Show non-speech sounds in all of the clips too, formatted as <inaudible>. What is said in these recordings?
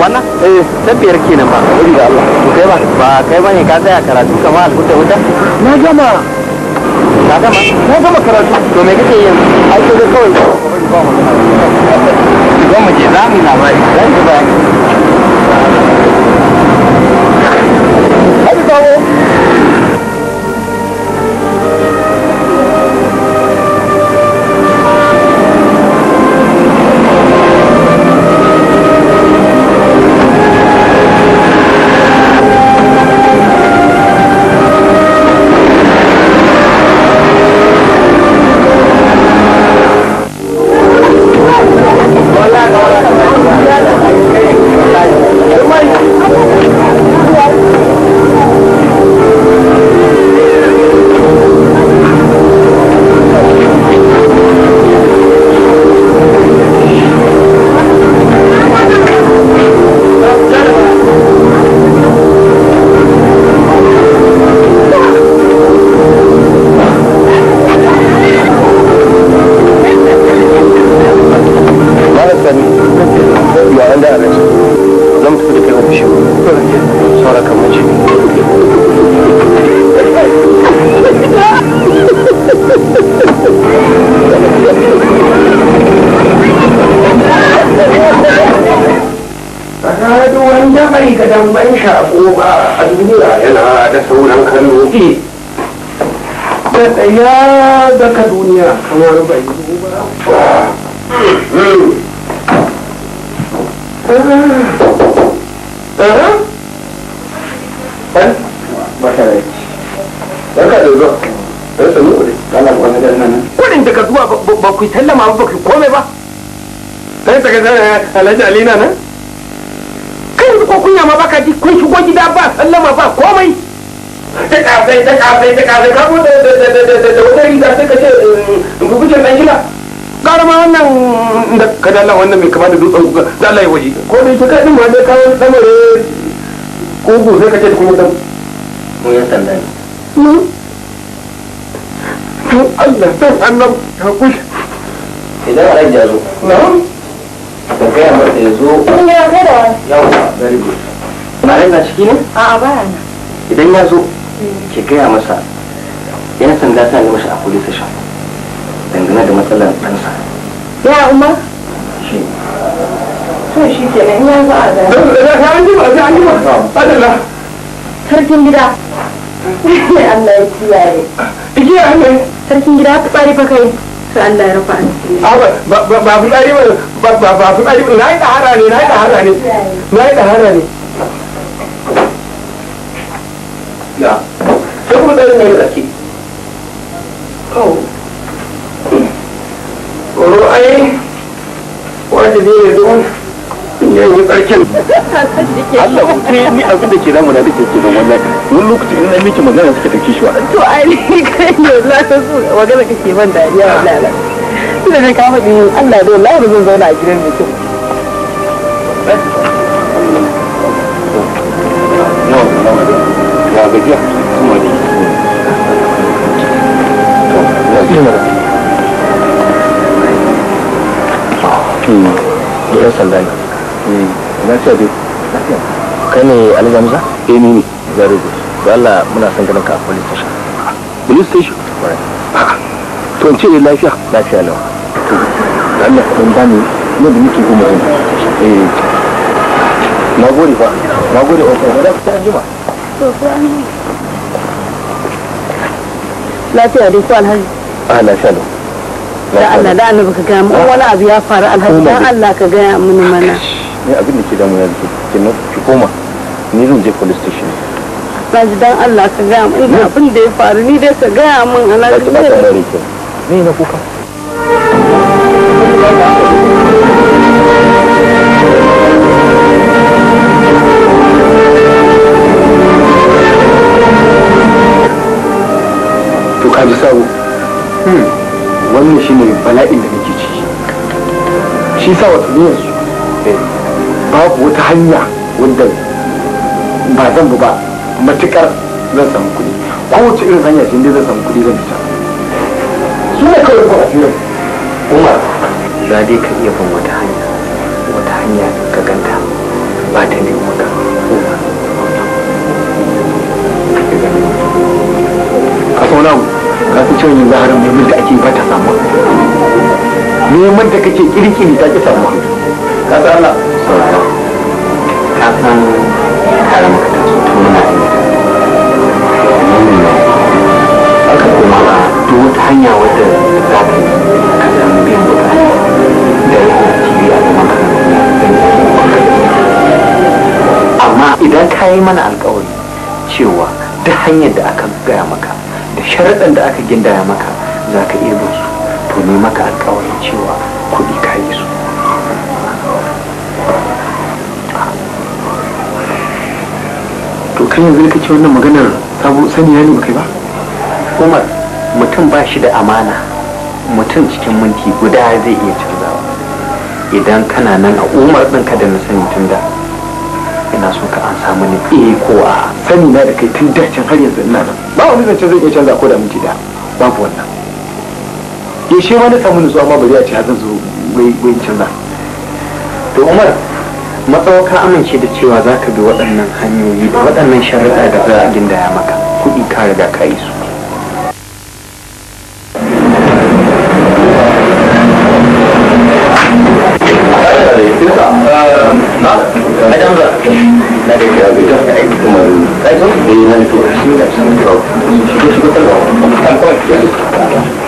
wannan eh tafiyar kenan ba wuri ga Allah to kai ba ba kai bane ka tsaya karatu kamar alkuta wuta na gama na gama na gama karatu to me kake yin ai sai kawai ba mu ba mu je za mu labari za mu bayani ai ba alhaji alina na kai ko kunya ma baka ji kun shigo gida ba sallama ba komai ta kafai ta kafai ta kafai ka bude da wata riga sai ka ce bubuje eh, dan gida gara ma wannan da ka dalla wannan mai kama da dutsen guga da Allah ya waje ko da yake kai din ma dai kawo samare kugu sai ka ce kuma dan mu ya sanda ne hmm? Allah san annabi ta kushi idan alhaji zo na'am ka gaya masa ya zo in ya kai da wani yawa very good malai na ciki ne a'a baya na idan ya zo hmm. ke gaya masa yan sanda ta ne mashi a police station dangane da matsalar ɗansa ya umar shi to shi ke nan ya zo a zai an jima an jima adalla sarkin gida <laughs> Allah ya kiyaye. Igiya ne. Sarkin gida ta tsari fa kai. ta Allah ya rafa asiri ba ba ba fitsari ba ba ba fitsari ba nayi dahara ne nayi dahara ne nayi dahara ne da sai kuma tsarin ne da ke sarkin <laughs> Allah wuce ni abin da ke damu ke wannan wani lokaci in miki magana suka dauki shi wa to ai ni kai ne la ta su magana kake dariya wallahi ne ka faɗi Allah da wallahi zan zauna a gidan mutum lafiya dai lafiya kai ne algamza eh ni ne very good to Allah muna son ganin ka a police station police station to ce ne lafiya lafiya lawa Allah ka dan bani ne da nake goma eh na gode fa na gode fa da ta to lafiya dai ko alhaji a ah, lafiya lawa da Allah da Allah baka ga mu ah. wani abu ya faru alhaji dan Allah ka ga mu mana ne abin da ke damu na ki na ki koma ni zan je police station ba ji dan Allah ka gaya mun ina abin da ya faru ni dai ka gaya min alhaji ne ne na kuka to ka ji sabo hmm. wannan shine bala'in da nake ciki shi sa wata ne yanzu babu wata hanya wanda ba zan bu ba matukar zan samu kuɗi kowace irin hanya shi ne zan samu kuɗi zan fita su ne kawai ba umar za dai ka iya bin wata hanya wata hanya ka ganta ba ta ne maka ka sauna mu ka fi cewa yanzu harin neman da ake ba ta samu neman da kake kirkiri ta ki samu ka san Allah ka san haram ka ta so tun muna yi aka kuma a duk wata hanya wadda za ka yi ka san bin bukata da ya hanci a zaman ka amma idan ka yi mana alkawari cewa ta hanyar da aka gaya maka da sharaɗin da aka gindaya maka za ka iya bin su to ne maka alkawarin cewa kuɗi ka kai yanzu da kake wannan maganar sani saniya ne kai ba umar mutum ba shi da amana mutum cikin minti guda zai iya canzawa idan kana nan a umar ka da na sani tun da ina so ka an samu ni eh ko a sani na da kai tun dacin har yanzu ina nan ba wani zance zai iya canza ko da minti da babu wannan ya shi na samu nutsuwa ma bari a ce har zan zo wai canza to umar matsawa ka amince da cewa za ka bi waɗannan hanyoyi da waɗannan shari'a da za a gindaya maka kuɗi ka riga ka yi su Thank eh, you.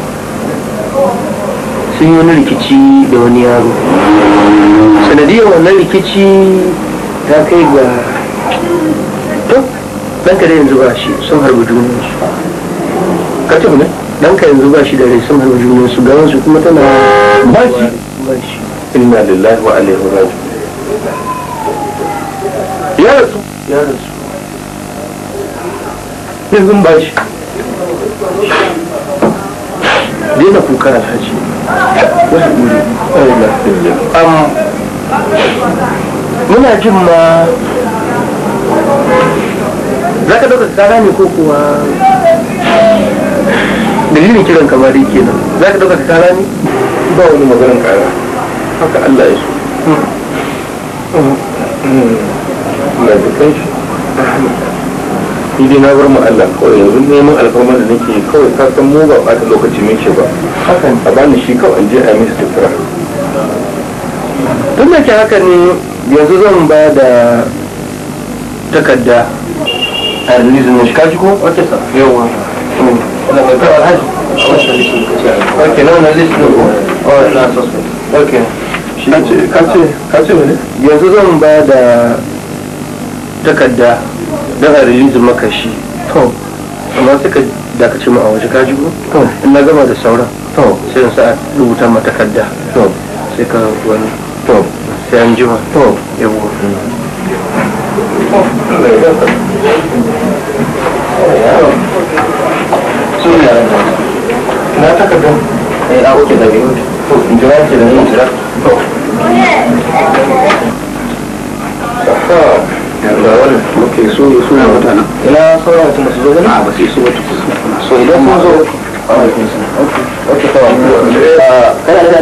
sun yi wani rikici da wani yaro sanadiyar wannan rikici ta kai ga to ɗanka da yanzu ba shi sun harbi junansu ka ce ne ɗanka yanzu ba shi da rai sun harbi junansu gaban su kuma tana ba shi ba shi inna lillahi wa alaihi raji'un ya rasu ya rasu yanzu ba shi dina kuka alhaji muna jin ma za ka ɗauka kara ne ko kuwa dalilin kiran kamari nan za ka ɗauka kara ne ba wani maganin kara haka Allah ya so na jikin shi ni dai na bar mu Allah kawai yanzu neman alfarma da nake kawai ka san mu ba ɓata lokaci ce ba hakan a bani shi kawai an je a mishi tattara tun da ke haka ne yanzu zan ba da takarda a release na shi kaji ko sa yawa na list ne ko ok kace kace kace yanzu zan ba da takarda don a release maka shi to amma suka dakace mu a waje ka jigo to gama da sauran sai in sa a rubuta ma sai ka wani sai an jima to yabo muke so su ne mutanen ina sauran mutum su zo gani a ba su so wata kusa so idan kun zo ok kawai kana da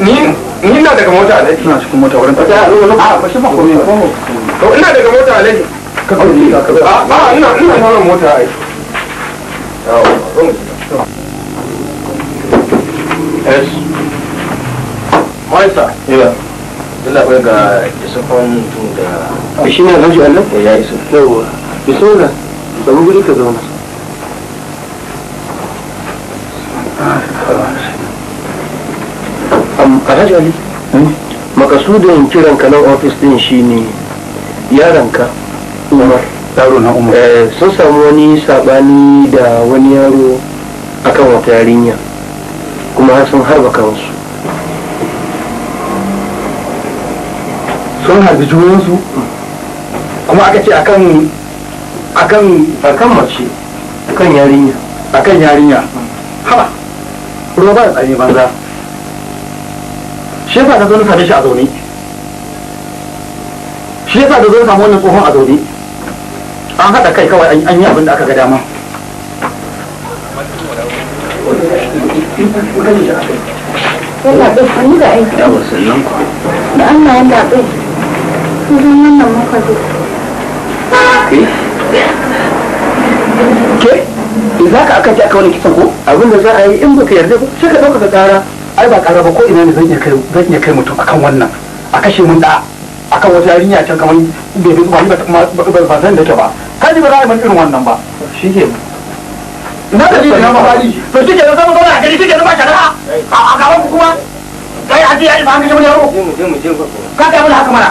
ni na ina daga mota alaji ina cikin mota wurin ta a ba shi ba komai ina daga mota alaji ka ka ka ba ina ina sauran mota ai Yes. Meister. Yeah. Allah da ah, shi ne alhaji Allah eh, ya isa. yawa bismillah da guri ka zauna alhaji Ali hmm? makasudin kiran nan ofis din shi ne yaranka Umar yaro na Umar eh, sun samu wani sabani da wani yaro akan wata yarinya kuma sun harba kansu sun harbi junansu kuma aka ce akan akan akan mace akan yarinya akan yarinya haba ruwa ba da tsami banza shi yasa ta zo na same shi a zaune shi yasa ta zo samu wannan tsohon a zaune an haɗa kai kawai an yi abin da aka ga dama Allah bai sanni da aiki. Da wasannin ku. Da Allah ya bai. Wurin wannan muka zo. Ke? In za ka aka ji aka wani kisan ko? Abin da za a yi in baka yarda ba sai ka ɗauka ka ƙara. Ai ba ƙara ba ko ina ne zan iya kai zan iya kai mutum akan wannan. A kashe mun da akan wata yarinya can kamar bebe ba ni ba san da ke ba. Kai ba za a yi mun irin wannan ba. Shi ke na da na mafari to shi kenan zama zauna a gari shi kenan ba shara a gaban kuma kai a ji ya ji ba an kashe mun yaro ka ga mun haka mana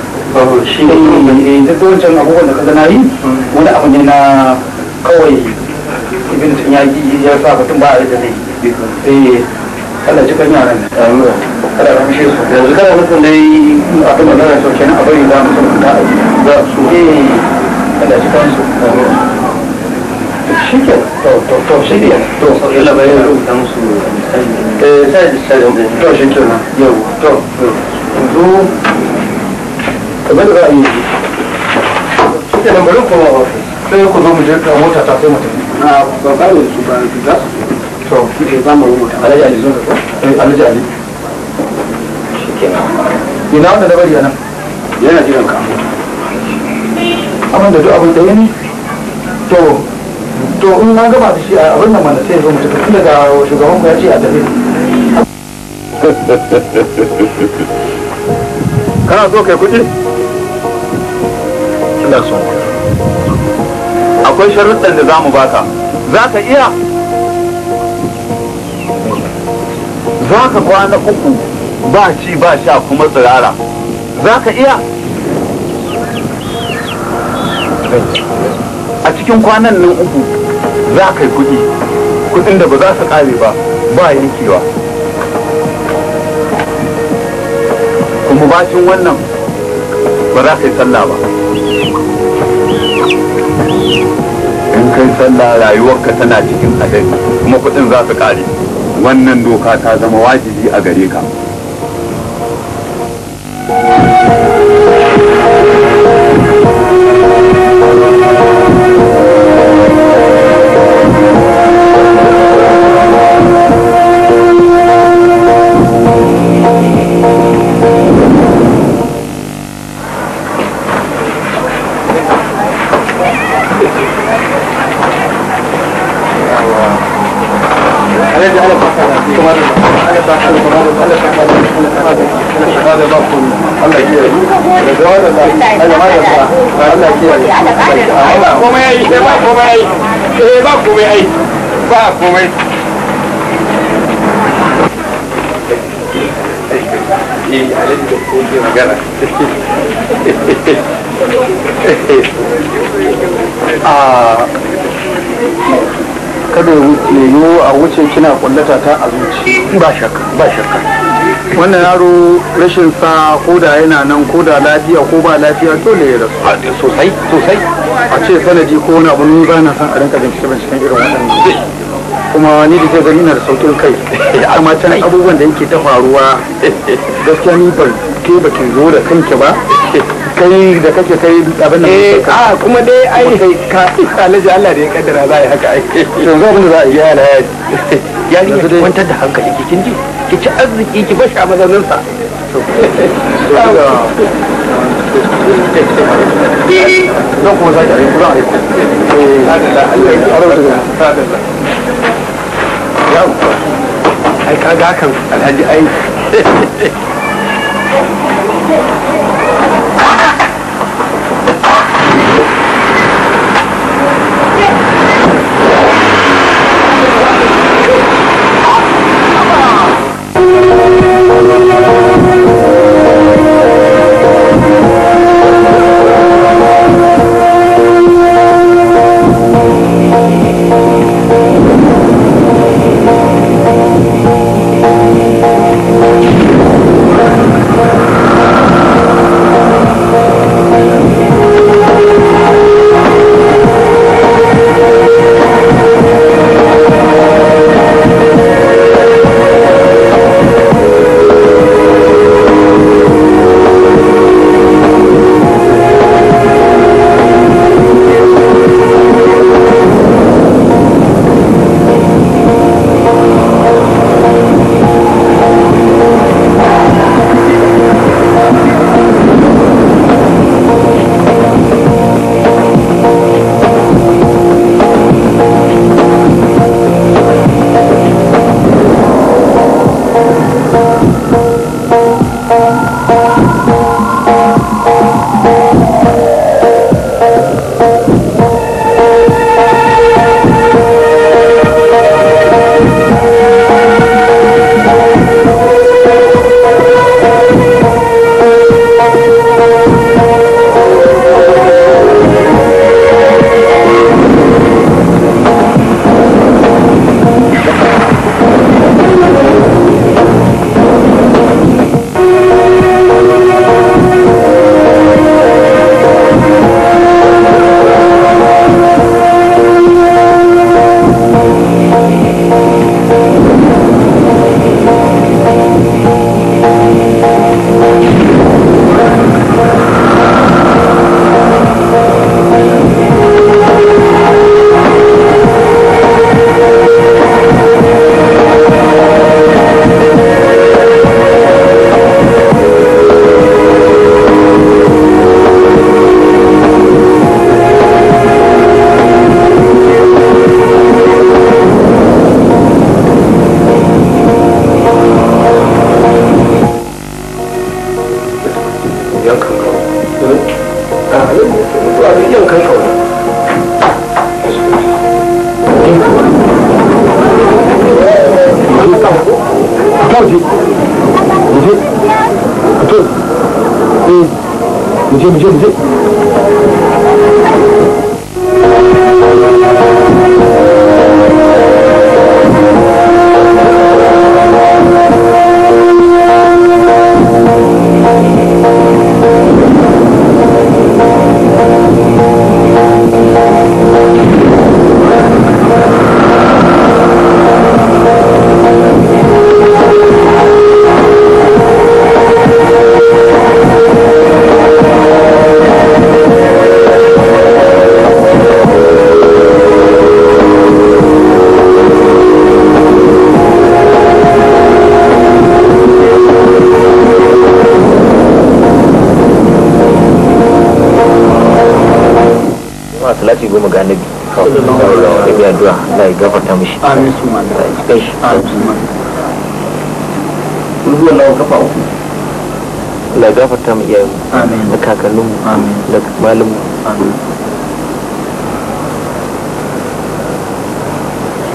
shi ne duk wancan abubuwan da kaga wani abu ne na kawai ibn tun ya ya sa mutum ba a da zai yaran shi su yanzu nufin a kuma kenan a bari za za su su to to shi ne to eh sai sai to shi yau to yanzu kamar da za a shi ke nan bari kuma sai ku zo mu je ka mota ta sai mu tafi ba ba su ba za su to shi eh, ke ba mu mota alhaji ali zo ko eh ali shi ke nan ina wanda da anan yana jiran ka amma da duk abin da to to in na gama da shi a abin nan mana sai ya zo mu tafi tun daga shugaban ku ya ce a tafi <laughs> kana so kai kuɗi ina so akwai sharuɗan da za mu baka za ka iya za ka kwana uku ba ci ba sha kuma tsirara za ka iya a cikin kwanan nan uku za ka yi kuɗi kuɗin da ba za su ƙare ba ba yankewa kuma bacin wannan ba za ka yi sallah ba in kai sallah rayuwarka tana cikin adadi kuma kudin za su kare wannan doka ta zama wajibi a gare ka yiwu a wuce kina kullata ta a zuci ba shakka ba shakka wannan yaro rashin sa koda yana nan koda lafiya ko ba lafiya dole ya rasu sosai sosai a ce sanadi ko wani abu nuna ba na san a rinka bincike binciken irin waɗannan kuma ni da ke gani na da saukin kai <laughs> amma can abubuwan da yake ta faruwa gaskiya ni ba ke ba zo da kanki ba kai da kake kai abin da eh, ka a kuma dai ai kai ka alaji Allah da ya kaddara za yi haka ai yanzu abin da za a yi ya ya ni kwantar da hankali ki kinji ki ci arziki ki bashi a mazanin sa don kuma za ki aiki za a aiki eh, ai kaga hakan alhaji ai <laughs>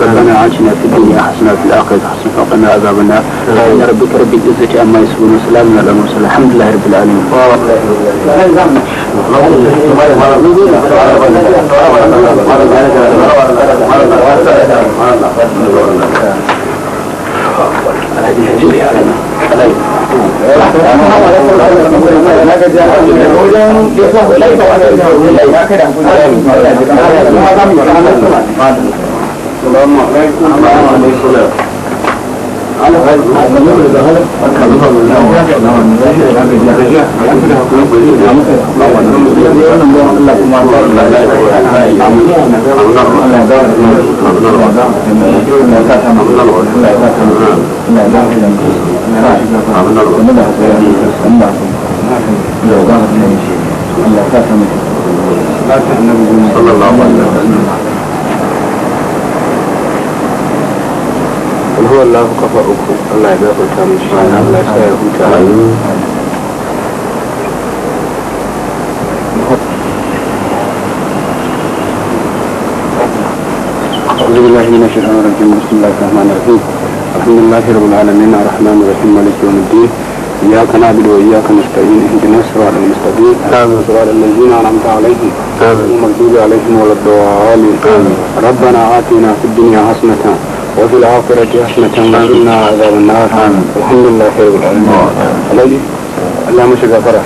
ربنا عاشنا في الدنيا حسنا في الآخرة حسنة وقنا عذاب النار سبحان ربك رب العزة عما يصفون وسلام على المرسلين الحمد لله رب العالمين Thank you. السلام عليكم ورحمة الله صلى الله عليه وسلم هو الله kafa uku Allah ya gafarta mishi Allah أعوذ بالله من الشيطان الرجيم بسم الله الرحمن الرحيم الحمد لله رب العالمين الرحمن الرحيم مالك يوم الدين إياك نعبد وإياك نستعين اهدنا الصراط المستقيم صراط الذين أنعمت عليهم غير المغضوب عليهم ولا الضالين ربنا آتنا في الدنيا حسنة وفي الآخرة حسنة وقنا عذاب النار الحمد لله رب العالمين لا مشكلة فرح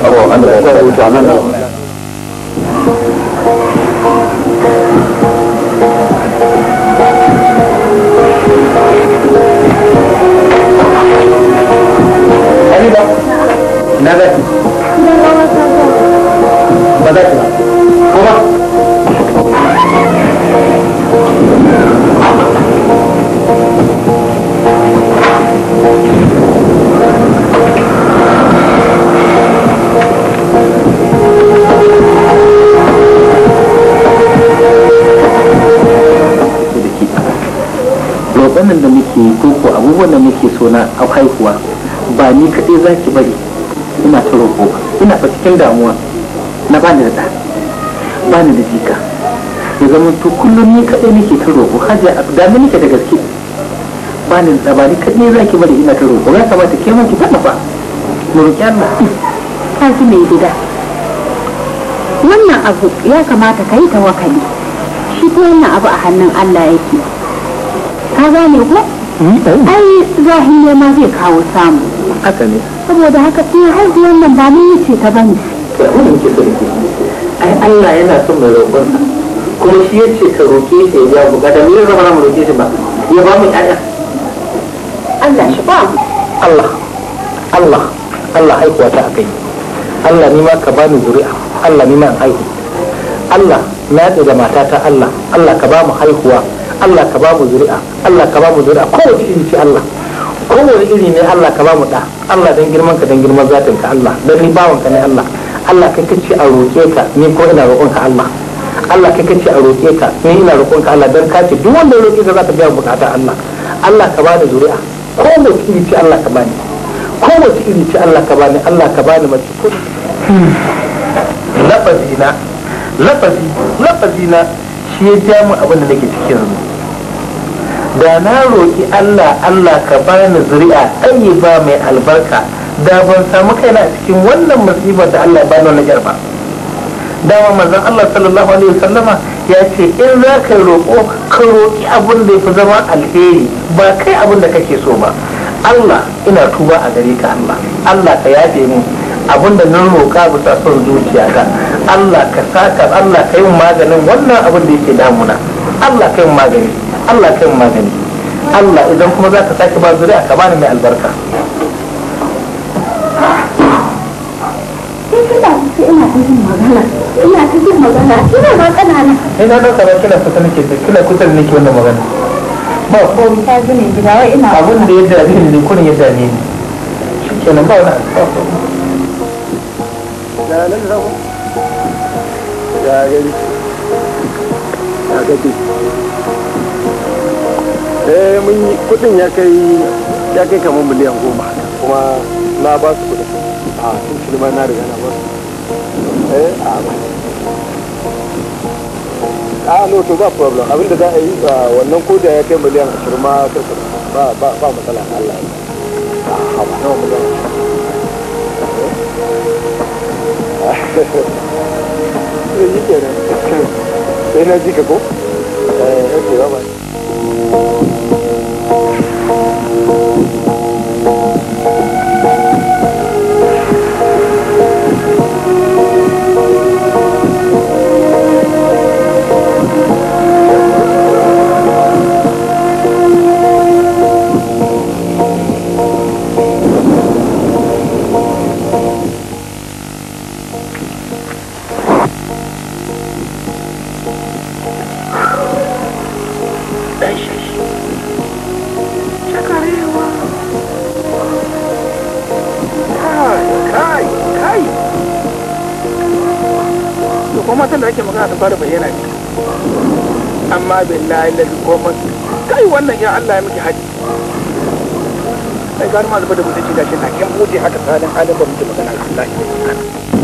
na a haihuwa ba ni kaɗai za ki bari ina ta roƙo ina fa cikin damuwa na bani da ba bani da jika ya zama to kullum ni kaɗai nake ta roƙo hajiya a dami nake da gaske bani da ba ni kaɗai za ki bari ina ta roƙo ya kamata ke mun ki ba mu roƙi Allah ka ji mai gida wannan abu ya kamata ka yi tawakali shi ta wannan abu a hannun Allah yake ka gane ko ai zahiri ma zai kawo samu haka ne saboda haka sai haihuwar nan ba ni ce ta bane ai Allah yana son mai roƙon kuma shi ya ce ka roƙe shi ya bukata me zama na mu roƙe shi ba ya ba mu ƴaƴa Allah shi ba Allah Allah Allah haihuwa ta akai Allah ni ma ka bani zuri'a Allah ni ma haihu Allah na da matata Allah Allah ka ba mu haihuwa Allah ka ba mu zuri'a Allah ka ba mu zuri'a kowace iri ce Allah wani iri ne Allah ka ba mu da Allah dan girman ka dan girman zatin ka Allah dan ni bawon ka ne Allah Allah kai kace a roƙe ka ni ko ina roƙon ka Allah Allah kai kace a roƙe ka ni ina roƙon ka Allah dan kace duk wanda roƙe ka zaka biya bukata Allah Allah ka bani zuri'a kowace iri ce Allah ka bani kowace iri ce Allah ka bani Allah ka bani mace ko lafazina hmm. lafazi lafazina shi ya ja mu abin da nake cikin yanzu da na roƙi Allah Allah ka bani zuri'a ba mai albarka da ban samu kaina cikin wannan musibar da Allah bani wani jarba dama manzon Allah sallallahu alaihi wasallama ya ce in za ka roƙo ka roƙi abin da ya zama alheri ba kai abin da kake so ba Allah ina tuba a gare ka Allah Allah ka yafe mu abin da na roƙa bisa son zuciya ka Allah ka saka Allah ka yi maganin wannan abin da yake damuna Allah ka yi maganin. Allah sai mu magani Allah idan kuma za ka sake ba zuri'a ka bani mai albarka ina ta jin magana ina ba ina kana kusa nake kusa nake wannan magana ba ko ta gida wai ina abun da ya dame ni kun ya ya ya ya eh mun kudin ya kai ya kai kamar miliyan goma kuma na ba su kudin a ah, sun kilima na riga na ba su eh a a ah, no to ba problem abinda za a yi ah, wannan koda ya kai miliyan ashirin ma karkar ba ba ba matsala Allah a ba na eh, miliyan ashirin yi kenan <coughs> sai na ji ka ko eh ok bye ba fara bayyana ne amma billahi lalli komai kai wannan ya Allah ya miki haji kai gani ma zuba da mutunci gashin na kyan buɗe haka tsarin halin ba mutum magana Allah ya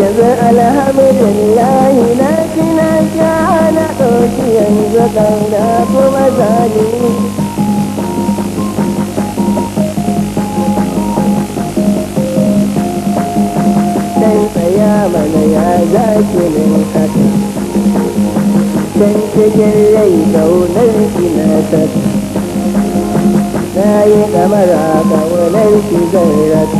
yanzu alhamdulillahi na kina sha na ɗauki yanzu kan da kuma zalimi dan tsaya mana ya zaki min haka dan cikin rai kaunar kina saka na yi kamar a kaunar ki zai raka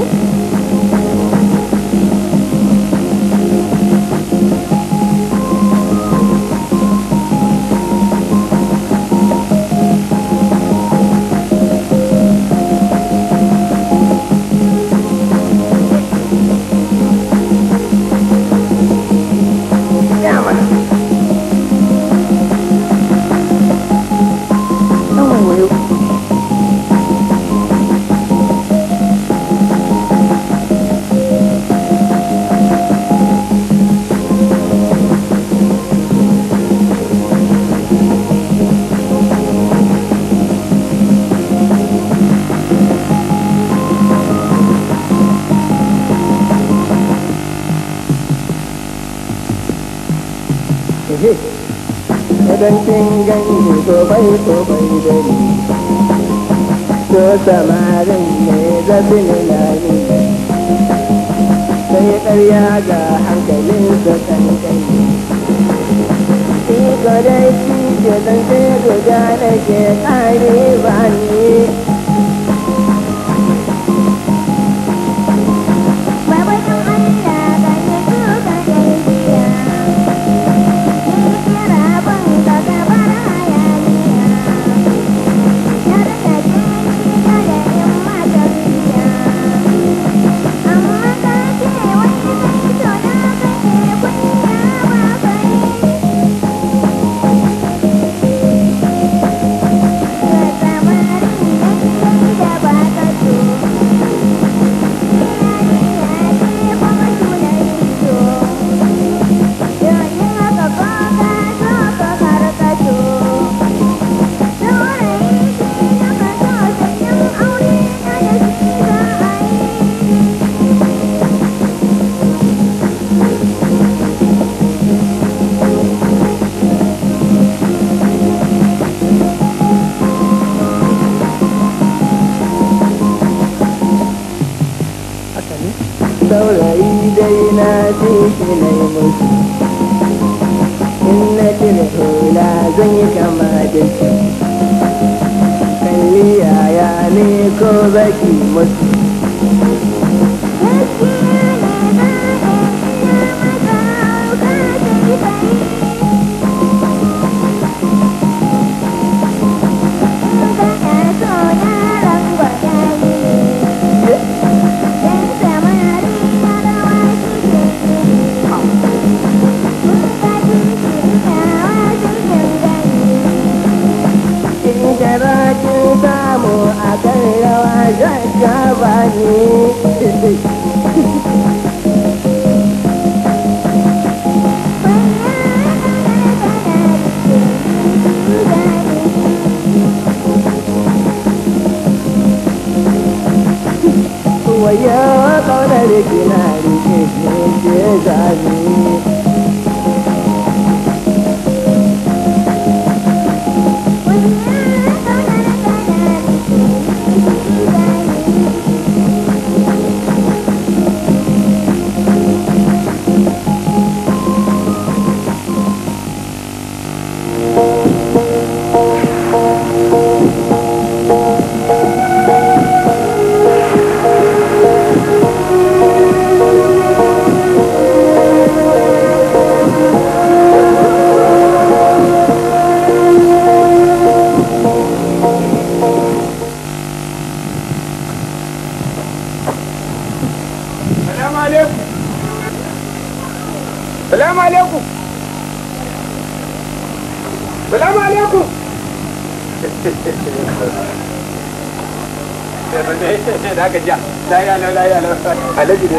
kantin ganye tobai tobai gani ko samarin ne zafi ne na ne sai karya ga hankalin sa kankan shi ko dai shi ke zance guda da ke tsari ne Reiki machine.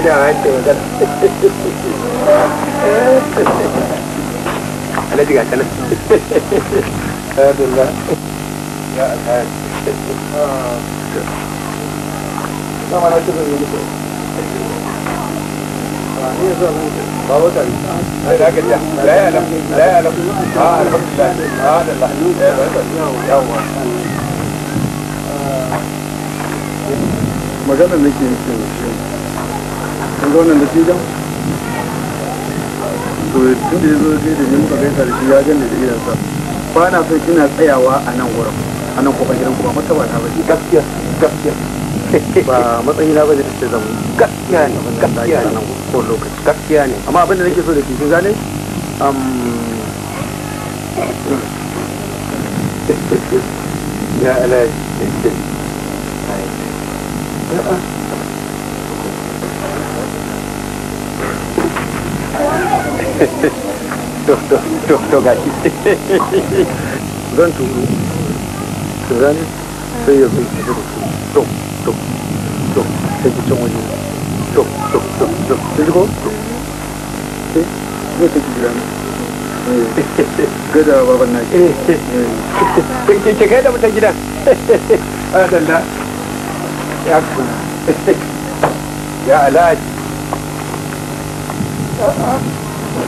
da magana na da kun ga wannan dattijan to tun da ya zo sai da muka gaisa da shi ya gane da gidansa ba na so kina tsayawa a nan a nan kofar gidan kuma mata ba ta ba gaskiya gaskiya ba matsayi na bane da ce zamu gaskiya ne gaskiya ne ko lokaci gaskiya ne amma abin da so da ke kin ya to to to to gashi zan turu to gani sai ya bai da to to to sai ki can waje to to to to sai ko to sai ne ta gida ne gada baban na ke ke ke kai da ya ku ya alaji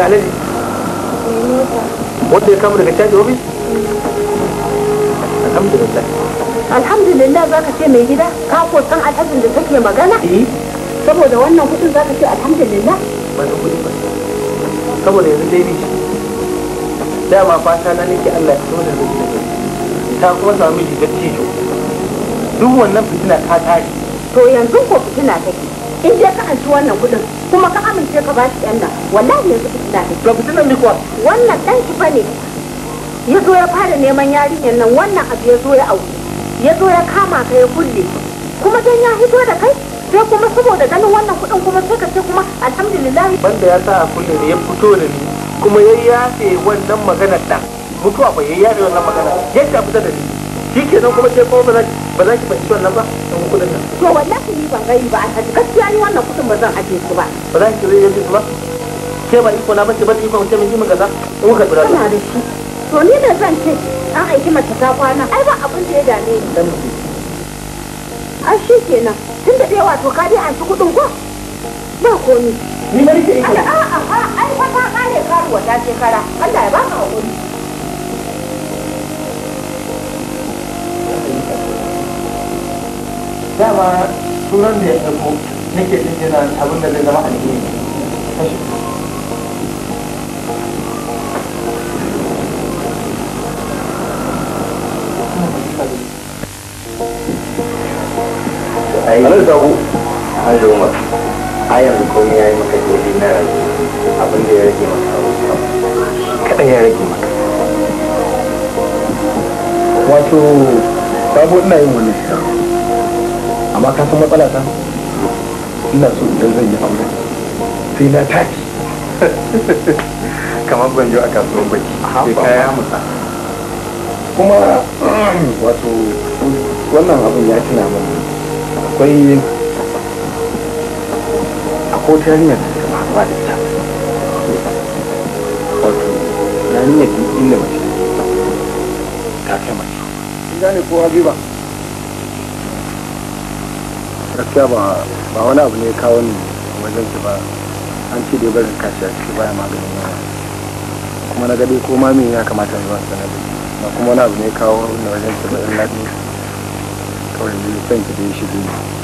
daga alaji wanda ya kama daga caji alhamdulillah alhamdulillah za ka ce mai gida ka ko san alhajin da take magana eh. saboda wannan kudin za ka ce alhamdulillah ba da kudi ba saboda yanzu dai bishi dama fata na nake Allah ya tsoda da gida ta kuma samu cijo duk wannan fitina ta tare to yanzu ko fitina take in dai ka anci wannan kuɗin kuma ka amince ka ba shi yan nan wallahi yanzu fitina ne to fitinan ni kuwa wannan dan shi fa ne ya zo ya fara neman yarinyar nan wannan abu ya zo ya aure ya zo ya kama ka ya kulle kuma dan ya hito da kai sai kuma saboda ganin wannan kuɗin kuma sai ka ce kuma alhamdulillah banda ya sa a kulle ne ya fito da ni kuma ya yafe wannan maganar da mutuwa ba ya yafe wannan maganar ya ta fita da ni shikenan kuma sai kuma ba za ba za ki fahimci wannan ba don kudin nan to wallahi ni ban gani ba alhaji gaskiya ni wannan kudin ba zan ajiye su ba ba za ki rage su ba ke ba iko na ce, ba iko ce mun yi kaza in ka dura kana da shi to ni da zan ce an aiki mace ta kwana ai ba abin da ya dame ni dan miji ai shi kenan tun da dai wato ka dai an ci kuɗin ko ba ko ni ma nake iko a'a ai fa ta kare karuwa ta shekara Allah ya ba ka haƙuri. dama turan da ya ɗauko nake jin yana abin da zai zama addini a yanzu ya yi na da ya ya wato sabo ina yin wani shi amma ka san matsala ta ina so idan zan yi aure sai na taki <laughs> kamar gwanjo a kasuwar baki sai kaya musa kuma <clears throat> wato wannan abin ya tuna min akwai akwai wata yarinya da suka haɗuwa da ita wato yarinya da inda mace ta kai mace gane biyu ba. gaskiya ba ba wani abu ne kawo ni wajen ki ba an ce dai barin kashi a ciki baya maganin yawa kuma na gadi ko mami ya kamata ne wasu sanadi ba kuma wani abu ne kawo ni wajen ki ba in na kawai ne san ki dai shi dai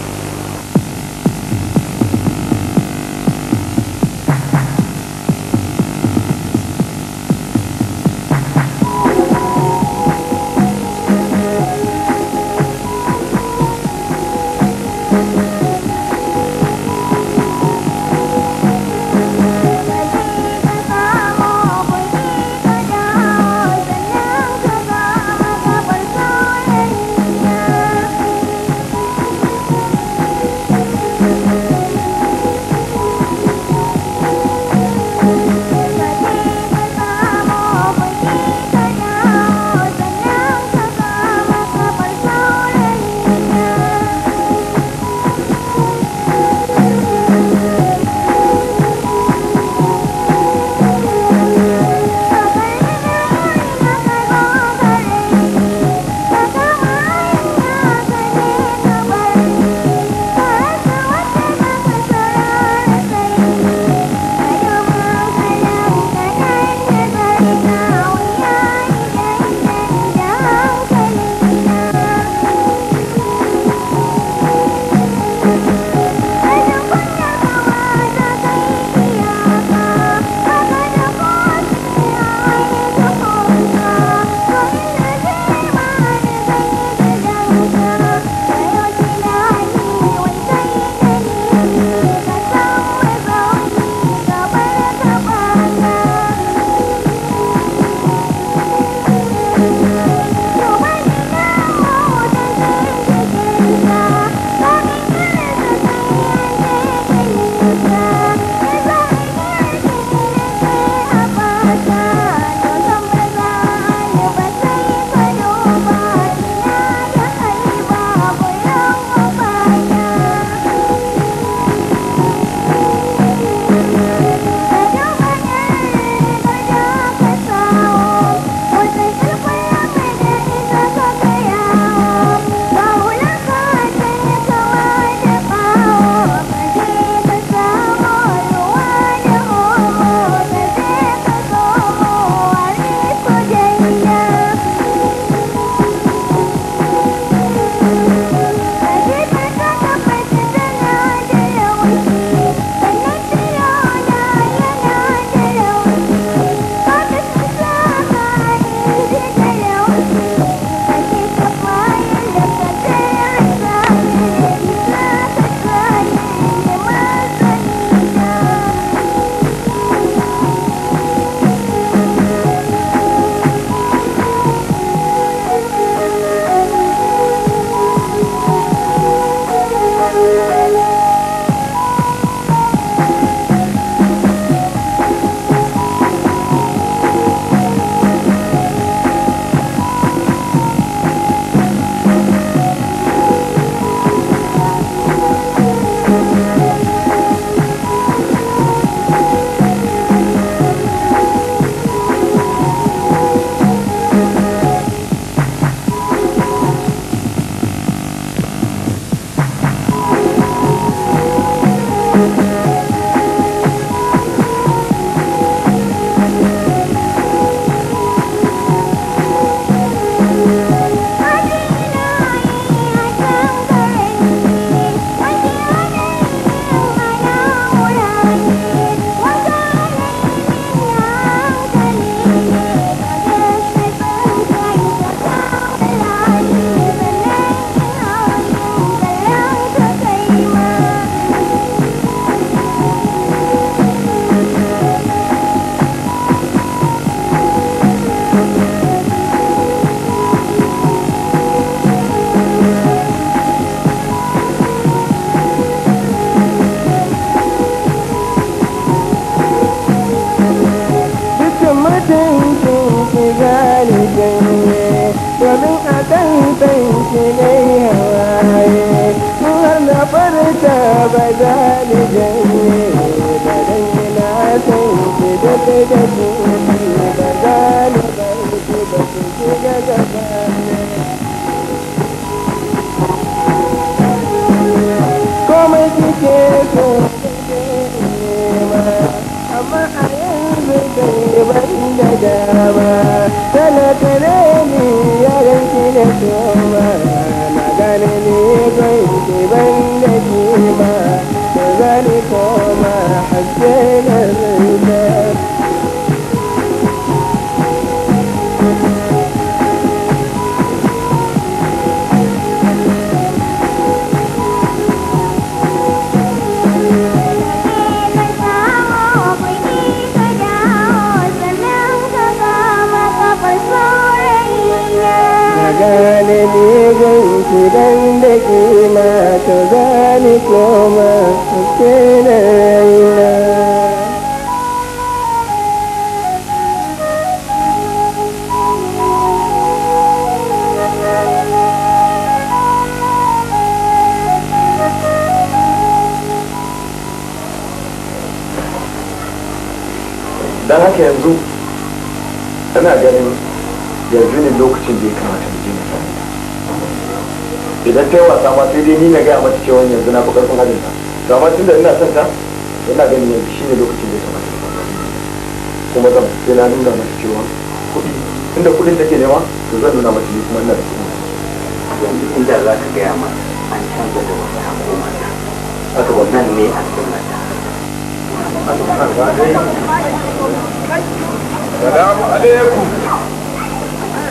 salamu alaikum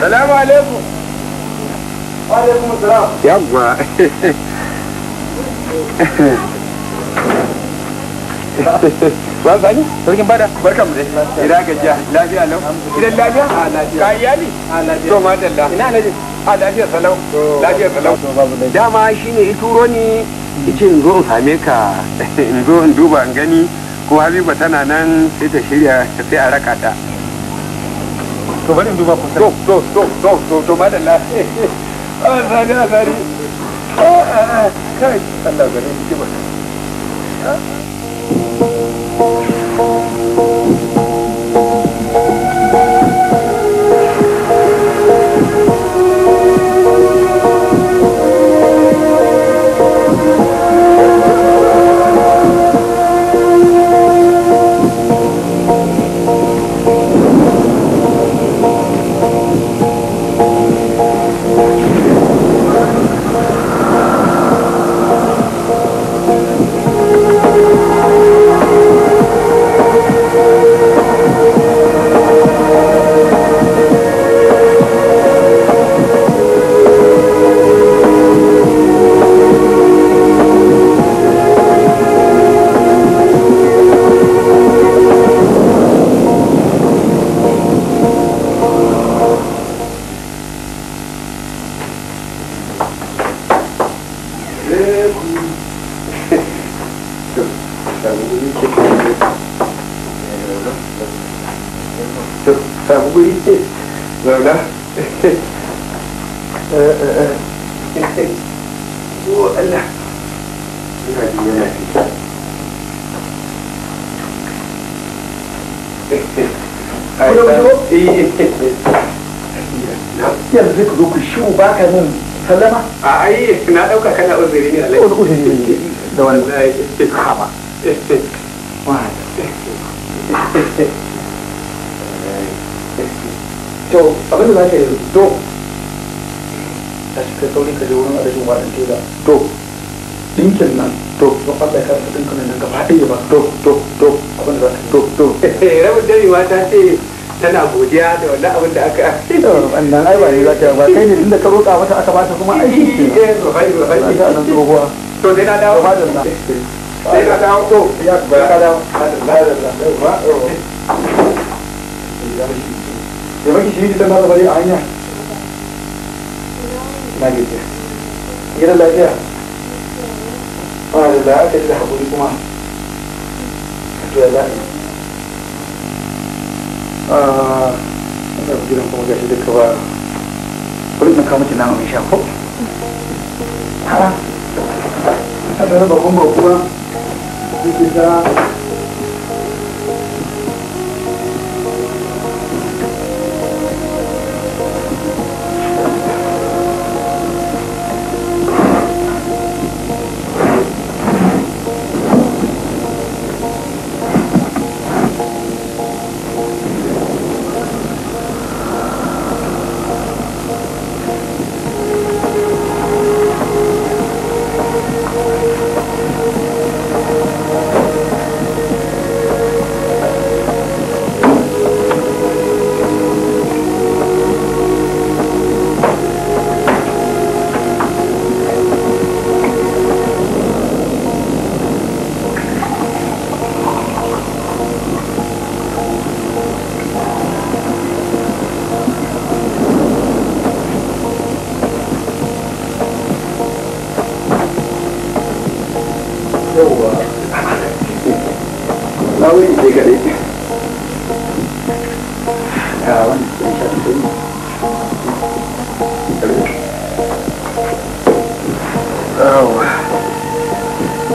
salamu alaikum alaikum salam yawwa ba sani sarkin bada barkan mu dai ina gajiya lafiya lau idan lafiya a ah, lafiya ka iyali a ah, lafiya to madalla ina naji a ah, lafiya salau lafiya salau dama shine ya turo ni yace in zo in same ka <laughs> in zo in duba in gani ko habiba tana nan sai ta shirya sai a raka ta to bari in duba ku to to to to to to madalla azari <laughs> ah, azari ah, ah, kai Allah gare ni kiba sallama a ai na dauka kana uzuri ne alai uzuri ne da wannan haba to abinda za ka yi to ta shi ka sauri ka je wurin adashin wadan tela to dinkin nan to to Allah ka sa dinkin nan gaba ɗaya ba to to to za ka yi to to eh, rabin dare ma ta ce tana godiya da wannan abin da aka yi wannan ai ba ne za ta ba kai ne tun da ka roƙa mata aka bata kuma ai shi eh, ta nan tsohuwa to dai na dawo ba da na sai na ya ba ka na da na ba ya maki shi ta na bari a hanya na lafiya ba da za a kai da haƙuri kuma to ya za a yi wannan gidan kuma gashi duka ba kuri na kawo mutum mai sha ko ha ta da raba kuma kuma yake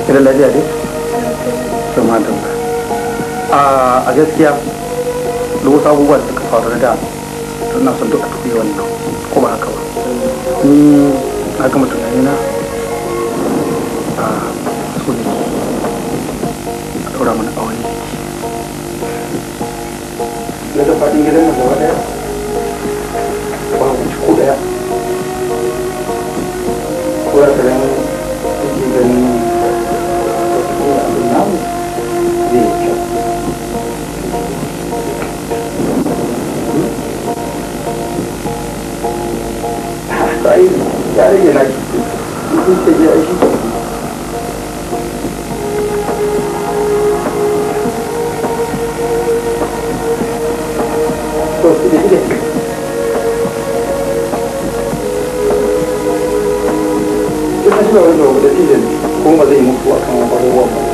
idan lafiya dai to madam a gaskiya da wasu abubuwa da suka faru da suna son duka tukuyi wannan ko ba haka ba ni na gama tunani na a so a ɗaura mana aure na da faɗin gidan na gaba ɗaya ba wuce ko ɗaya ko da 誰に入って自分的愛心今までにもは考えられ法は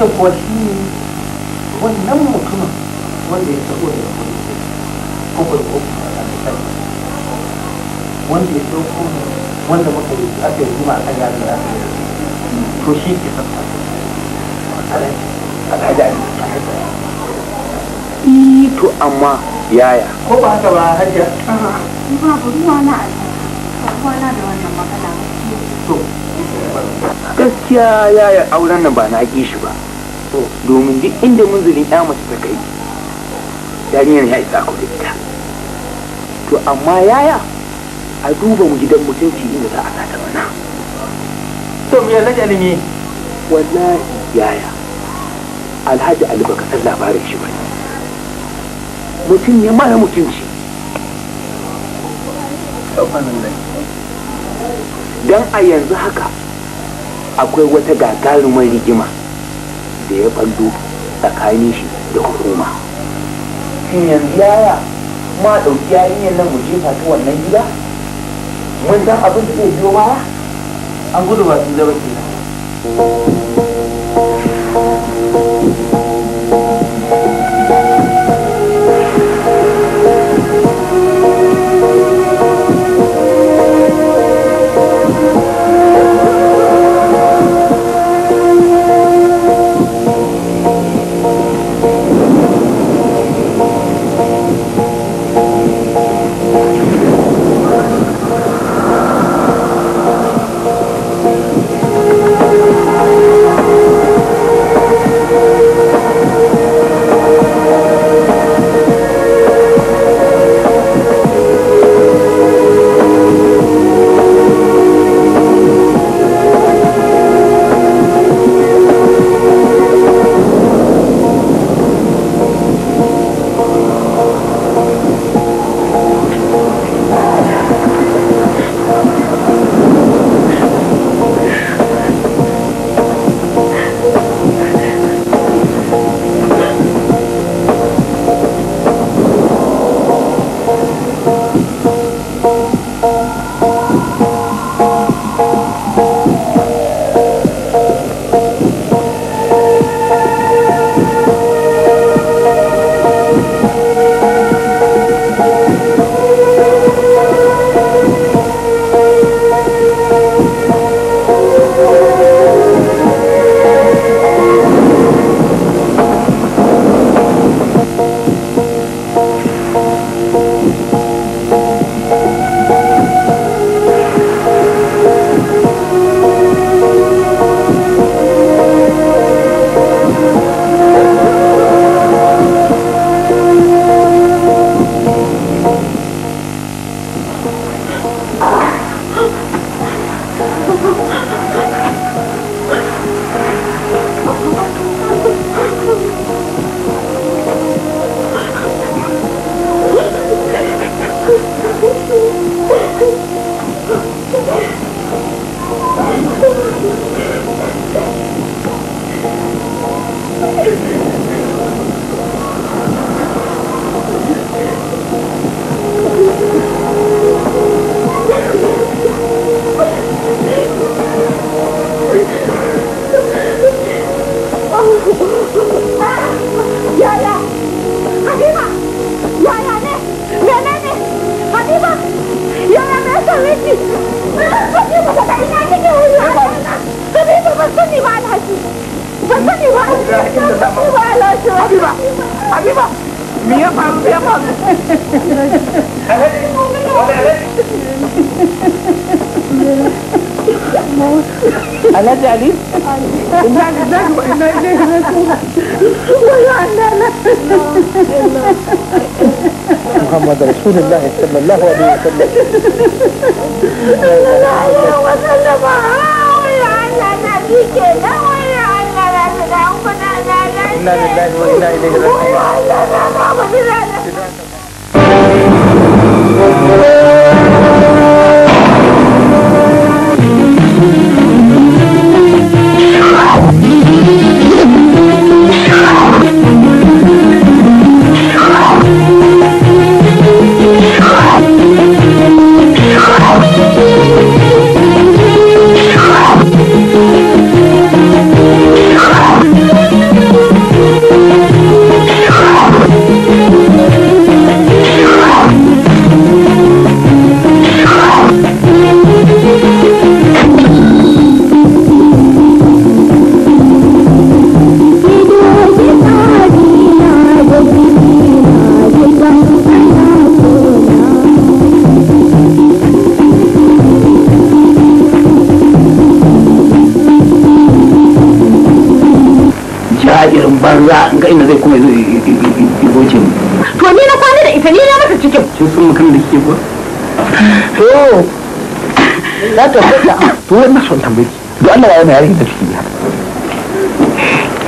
dalilin kuwa shi ne wannan mutumin wanda ya taho da wani kogul kogul a misali wanda ya taho wanda muka yi aka yi zuma a kan yadda ya to shi ke sassa alhaji ali to amma yaya ko ba haka ba hajja ba ruwa na ruwa na da wannan magana to gaskiya yaya auren nan ba na ƙi shi domin duk inda munzulin ya mace ta kai yarinyar ya isa ku da ita to amma yaya a duba mu gidan mutunci inda za a sata mana to mu yalla jalimi wallahi yaya alhaji ali baka san labarin shi bane mutum ne mara mutunci dan a yanzu haka akwai wata gagarumar rigima da ya ballo tsakanin shi da hukuma shin yanzu yaya ma ɗauki yarinyar nan mu jefa wannan gida mun san abin da zai biyo baya an gudu ba su zaba kenan wai ina son tambayi duk Allah wani yarin da ciki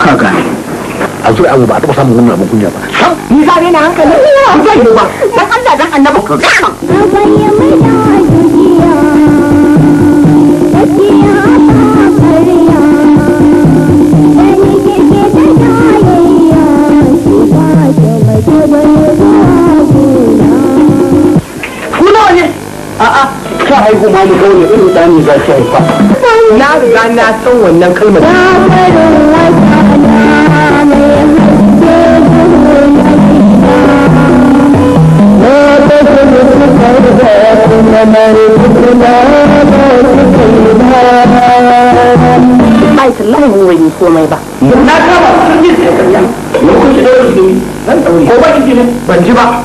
haka ka a zuwa abu ba a taɓa samun wannan abin kunya ba sam ni ka na hankali ba zai yi ba dan Allah dan annabi ka gama haihu ma mu kawai irin tsani za ki haifa na riga na san wannan kalmar Ai, tallahi mun wani komai ba. Na kama sun yi tsaye ƙarya. Lokacin da yau Ko ba ki ji ne? Ban ji ba.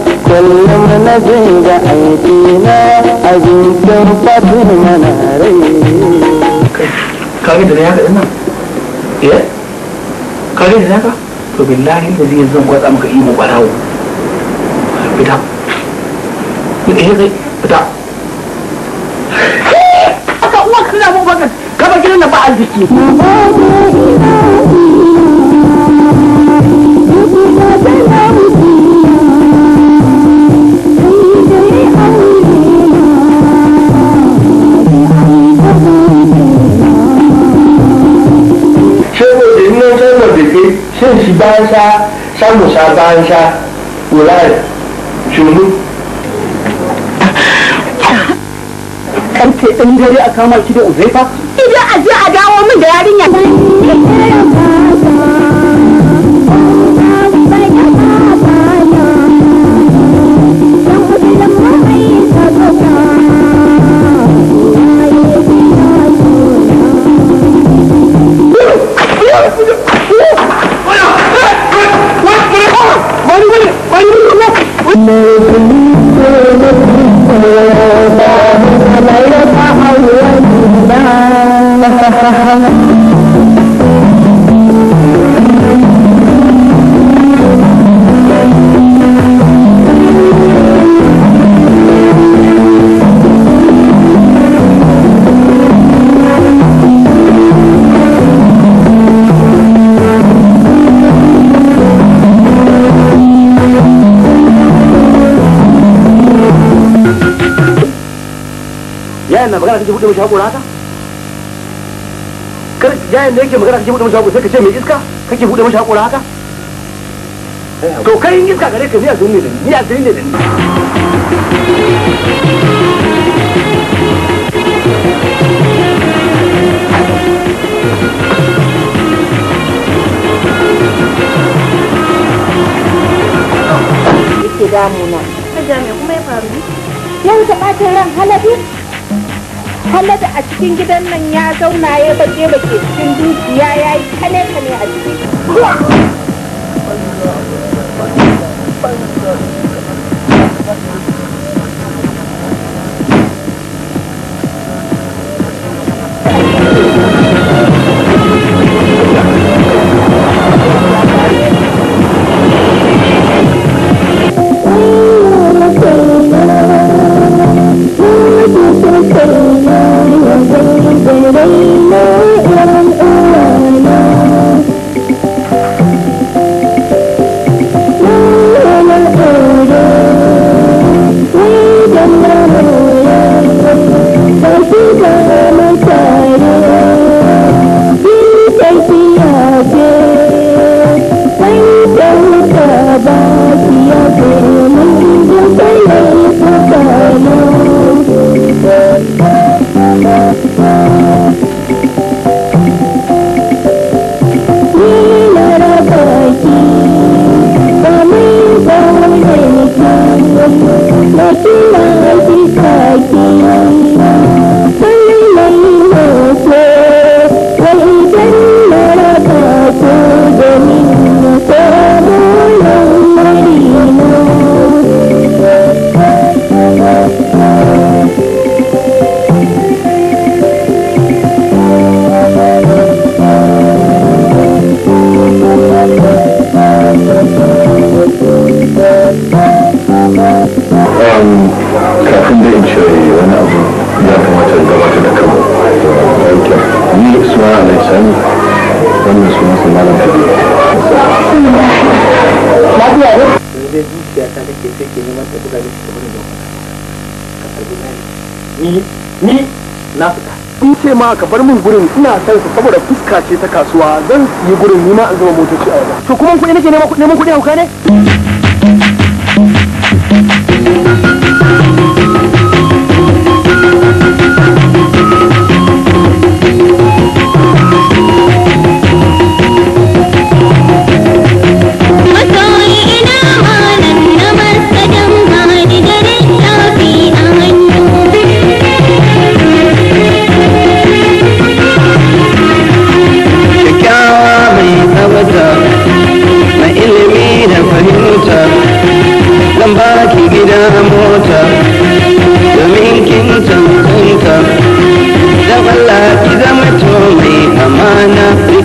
kullum na aiki na a zuciyar fadu na rai kage da naka dinnan eh kawai da naka to billahi da zai zan gwada maka imo barawo fita eh kai fita aka uwa kana mu baka gaba gidan na ba arziki shan shi bayan sha samun sha bayan sha wurare shuru karfe ɗan dare a kama ki da uzaifa idan a je a dawo min da yarinya mu shago haka kar jayan da yake magana kake buɗe mu shago sai ka ce mai iska kake buɗe mu shago haka to kai in iska gare ka ni a ne da ni a ne da ni yake damuna. Hajiya me kuma ya faru? Yanzu ɓacin ran halabi Haladu a cikin gidan nan ya zauna ya bace bake cikin dukiya ya yi kane kane a cikin. kuma ka bar min gurin ina san ka saboda fuska ce ta kasuwa zan yi gurin ni ma an zama motoci a wajen to kuma kuɗi nake neman kuɗi hauka ne Thank you. tashar mota domin kin san kanta don ki zama to mai amana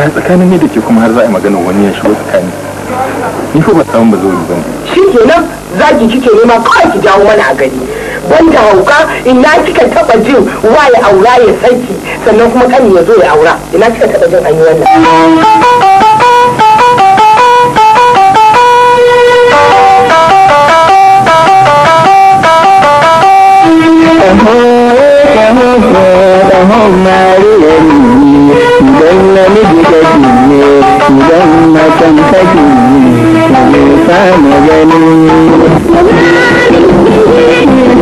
ya tsakanin ne da ke kuma har za a yi magana wani ya shigo tsakani ni ko ba samun ba zo ni zan shi kenan zaki kike nema kawai ki jawo mana a gari banda hauka ina kika taba jin waye aura ya tsaki sannan kuma kani ya zo ya aura ina kika taba jin an yi wannan Oh, oh, oh, oh, oh, بجد إذا ما تنتهي ولسان جميل